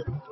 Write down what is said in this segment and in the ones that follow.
all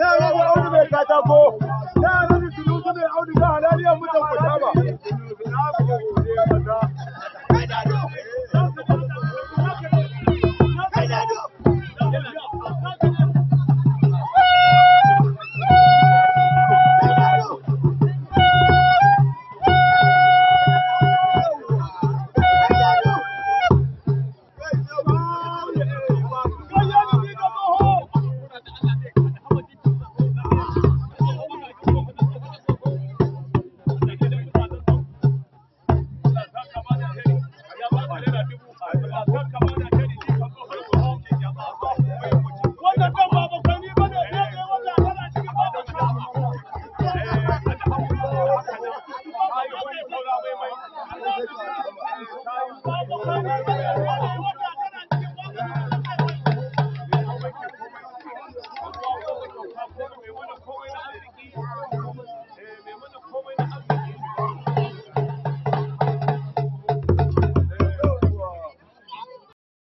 na rawa audu mai katako na rawa sunu mai auduga na